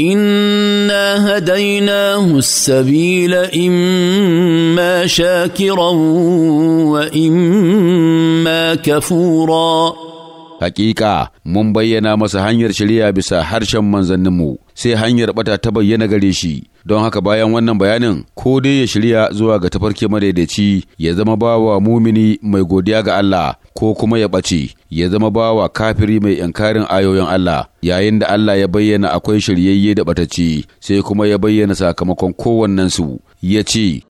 انا هديناه السبيل اما شاكرا واما كفورا Hakika mun bayyana masa hanyar shirya bisa harshen manzanninmu sai hanyar bata ta bayyana gare shi don haka bayan wannan bayanin ko dai ya shirya zuwa ga tafarki madaidaici ya zama bawa mumini mai godiya ga Allah ko kuma ya ɓace ya zama bawa kafiri mai inkarin ayoyin Allah yayin da Allah ya bayyana akwai shiryayye da ɓatacce sai kuma ya bayyana sakamakon kowannensu ya ce